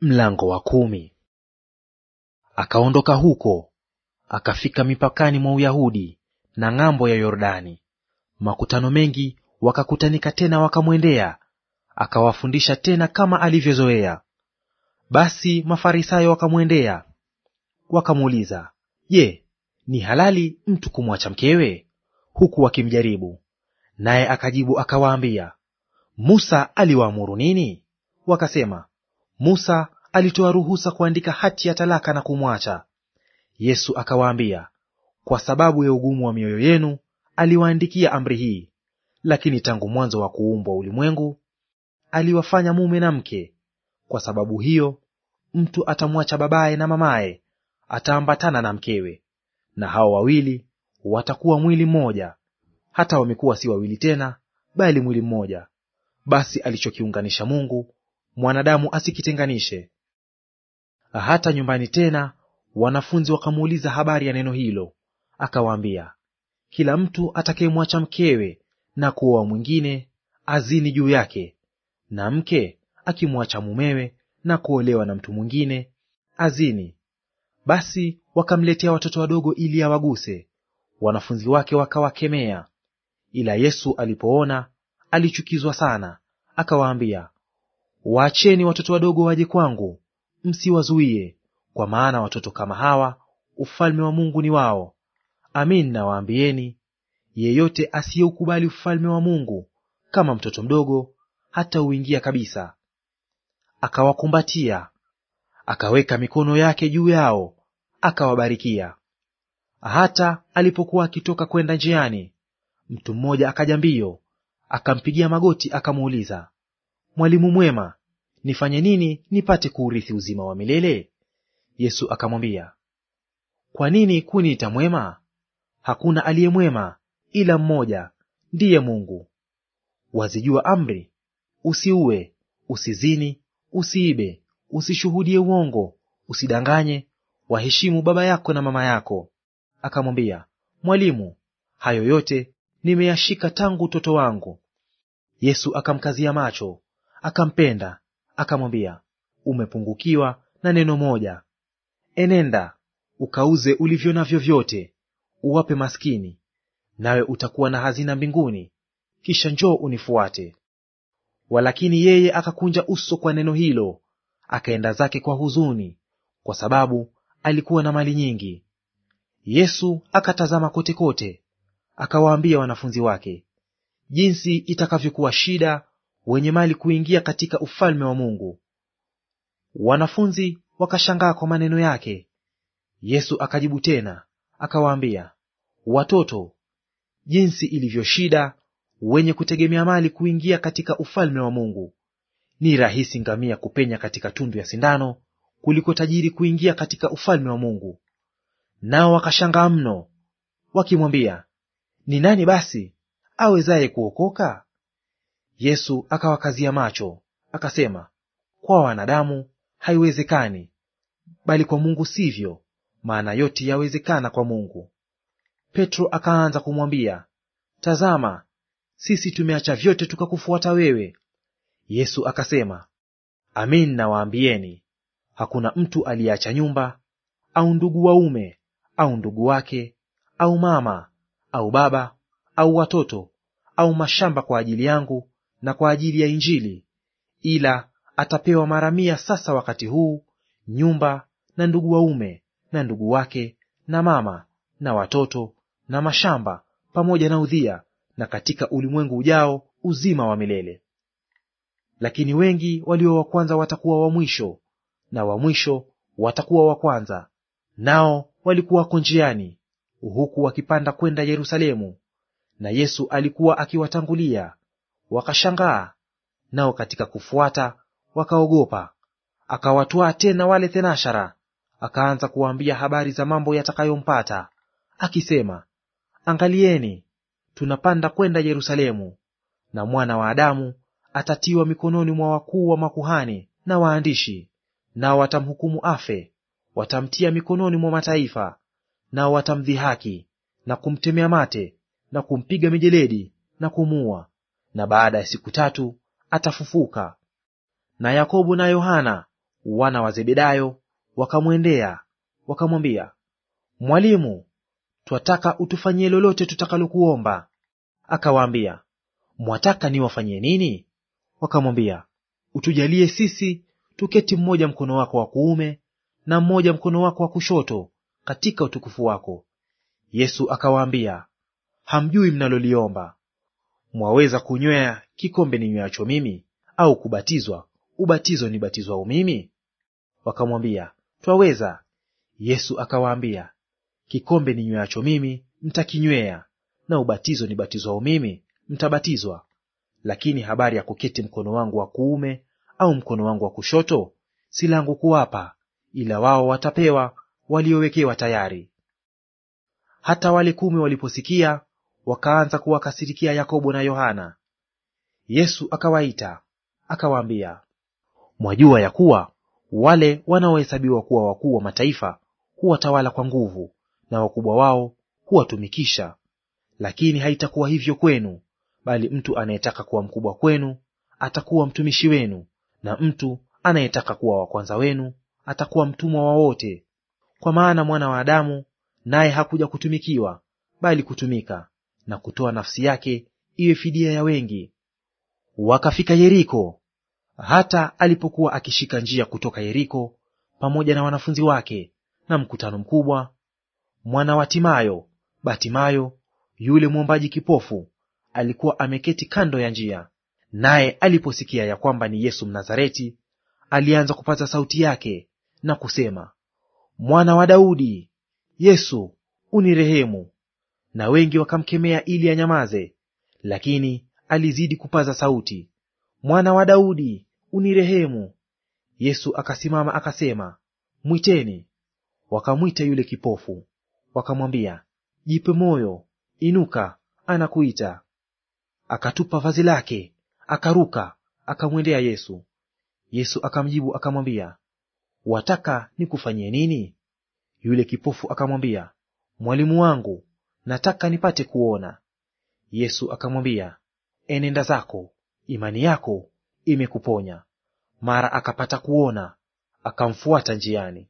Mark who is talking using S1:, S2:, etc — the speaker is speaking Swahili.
S1: Mlango wa kumi. Akaondoka huko akafika mipakani mwa Uyahudi na ng'ambo ya Yordani. Makutano mengi wakakutanika tena wakamwendea, akawafundisha tena kama alivyozoea. Basi Mafarisayo wakamwendea wakamuuliza, Je, ni halali mtu kumwacha mkewe? huku wakimjaribu. Naye akajibu akawaambia, Musa aliwaamuru nini? Wakasema, Musa alitoa ruhusa kuandika hati ya talaka na kumwacha. Yesu akawaambia, kwa sababu ya ugumu wa mioyo yenu aliwaandikia amri hii, lakini tangu mwanzo wa kuumbwa ulimwengu aliwafanya mume na mke. Kwa sababu hiyo mtu atamwacha babaye na mamaye, ataambatana na mkewe, na hao wawili watakuwa mwili mmoja. Hata wamekuwa si wawili tena, bali mwili mmoja. Basi alichokiunganisha Mungu mwanadamu asikitenganishe. Hata nyumbani tena wanafunzi wakamuuliza habari ya neno hilo, akawaambia, kila mtu atakayemwacha mkewe na kuoa mwingine azini juu yake, na mke akimwacha mumewe na kuolewa na mtu mwingine azini. Basi wakamletea watoto wadogo ili awaguse. Wanafunzi wake wakawakemea, ila Yesu alipoona alichukizwa sana, akawaambia, Waacheni watoto wadogo waje kwangu, msiwazuie, kwa maana watoto kama hawa ufalme wa Mungu ni wao. Amin nawaambieni, yeyote asiyeukubali ufalme wa Mungu kama mtoto mdogo, hata uingia kabisa. Akawakumbatia, akaweka mikono yake juu yao, akawabarikia. Hata alipokuwa akitoka kwenda njiani, mtu mmoja akaja mbio, akampigia magoti, akamuuliza Mwalimu mwema, nifanye nini nipate kuurithi uzima wa milele? Yesu akamwambia, kwa nini kuniita mwema? Hakuna aliye mwema ila mmoja, ndiye Mungu. Wazijua amri: usiue, usizini, usiibe, usishuhudie uongo, usidanganye, waheshimu baba yako na mama yako. Akamwambia, Mwalimu, hayo yote nimeyashika tangu utoto wangu. Yesu akamkazia macho akampenda, akamwambia, umepungukiwa na neno moja. Enenda ukauze ulivyo navyo vyote, uwape maskini, nawe utakuwa na hazina mbinguni, kisha njoo unifuate. Walakini yeye akakunja uso kwa neno hilo, akaenda zake kwa huzuni, kwa sababu alikuwa na mali nyingi. Yesu akatazama kote kote, akawaambia wanafunzi wake, jinsi itakavyokuwa shida wenye mali kuingia katika ufalme wa Mungu. Wanafunzi wakashangaa kwa maneno yake. Yesu akajibu tena akawaambia, watoto, jinsi ilivyo shida wenye kutegemea mali kuingia katika ufalme wa Mungu! Ni rahisi ngamia kupenya katika tundu ya sindano kuliko tajiri kuingia katika ufalme wa Mungu. Nao wakashangaa mno, wakimwambia, ni nani basi awezaye kuokoka? Yesu akawakazia macho akasema, kwa wanadamu haiwezekani, bali kwa Mungu sivyo, maana yote yawezekana kwa Mungu. Petro akaanza kumwambia, tazama, sisi tumeacha vyote tukakufuata wewe. Yesu akasema, amin nawaambieni, hakuna mtu aliyeacha nyumba au ndugu waume au ndugu wake au mama au baba au watoto au mashamba kwa ajili yangu na kwa ajili ya Injili, ila atapewa mara mia sasa wakati huu nyumba na ndugu waume na ndugu wake na mama na watoto na mashamba pamoja na udhia, na katika ulimwengu ujao uzima wa milele. Lakini wengi walio wa kwanza watakuwa wa mwisho, na wa mwisho watakuwa wa kwanza. Nao walikuwa wako njiani, huku wakipanda kwenda Yerusalemu, na Yesu alikuwa akiwatangulia, wakashangaa, nao katika kufuata wakaogopa. Akawatwaa tena wale thenashara, akaanza kuwaambia habari za mambo yatakayompata, akisema, Angalieni, tunapanda kwenda Yerusalemu, na mwana wa Adamu atatiwa mikononi mwa wakuu wa makuhani na waandishi, nao watamhukumu afe, watamtia mikononi mwa mataifa, nao watamdhihaki na kumtemea mate na kumpiga mijeledi na kumuua na baada ya siku tatu atafufuka. Na Yakobo na Yohana wana wa Zebedayo wakamwendea wakamwambia, Mwalimu, twataka utufanyie lolote tutakalokuomba. Akawaambia, mwataka niwafanyie nini? Wakamwambia, utujalie sisi tuketi mmoja mkono wako wa kuume na mmoja mkono wako wa kushoto katika utukufu wako. Yesu akawaambia, hamjui mnaloliomba. Mwaweza kunywea kikombe ninyweacho mimi, au kubatizwa ubatizo nibatizwao mimi? Wakamwambia, twaweza. Yesu akawaambia, kikombe ninyweacho mimi mtakinywea, na ubatizo nibatizwao mimi mtabatizwa. Lakini habari ya kuketi mkono wangu wa kuume au mkono wangu wa kushoto si langu kuwapa, ila wao watapewa waliowekewa tayari. Hata wale kumi waliposikia wakaanza kuwakasirikia Yakobo na Yohana. Yesu akawaita akawaambia, mwajua ya kuwa wale wanaohesabiwa kuwa wakuu wa mataifa huwatawala kwa nguvu, na wakubwa wao huwatumikisha. Lakini haitakuwa hivyo kwenu, bali mtu anayetaka kuwa mkubwa kwenu atakuwa mtumishi wenu, na mtu anayetaka kuwa wa kwanza wenu atakuwa mtumwa wa wote. Kwa maana mwana wa Adamu naye hakuja kutumikiwa, bali kutumika na kutoa nafsi yake iwe fidia ya wengi. Wakafika Yeriko. Hata alipokuwa akishika njia kutoka Yeriko pamoja na wanafunzi wake na mkutano mkubwa, mwana wa Timayo, Batimayo, yule mwombaji kipofu, alikuwa ameketi kando ya njia. Naye aliposikia ya kwamba ni Yesu Mnazareti, alianza kupaza sauti yake na kusema, Mwana wa Daudi, Yesu, unirehemu na wengi wakamkemea ili anyamaze, lakini alizidi kupaza sauti, Mwana wa Daudi, unirehemu. Yesu akasimama akasema, mwiteni. Wakamwita yule kipofu, wakamwambia, jipe moyo, inuka, anakuita. Akatupa vazi lake, akaruka, akamwendea Yesu. Yesu akamjibu akamwambia, wataka nikufanyie nini? Yule kipofu akamwambia, Mwalimu wangu, nataka nipate kuona. Yesu akamwambia, enenda zako, imani yako imekuponya. Mara akapata kuona, akamfuata njiani.